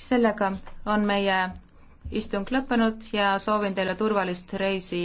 sellega on meie istung lõppenud ja soovin teile turvalist reisi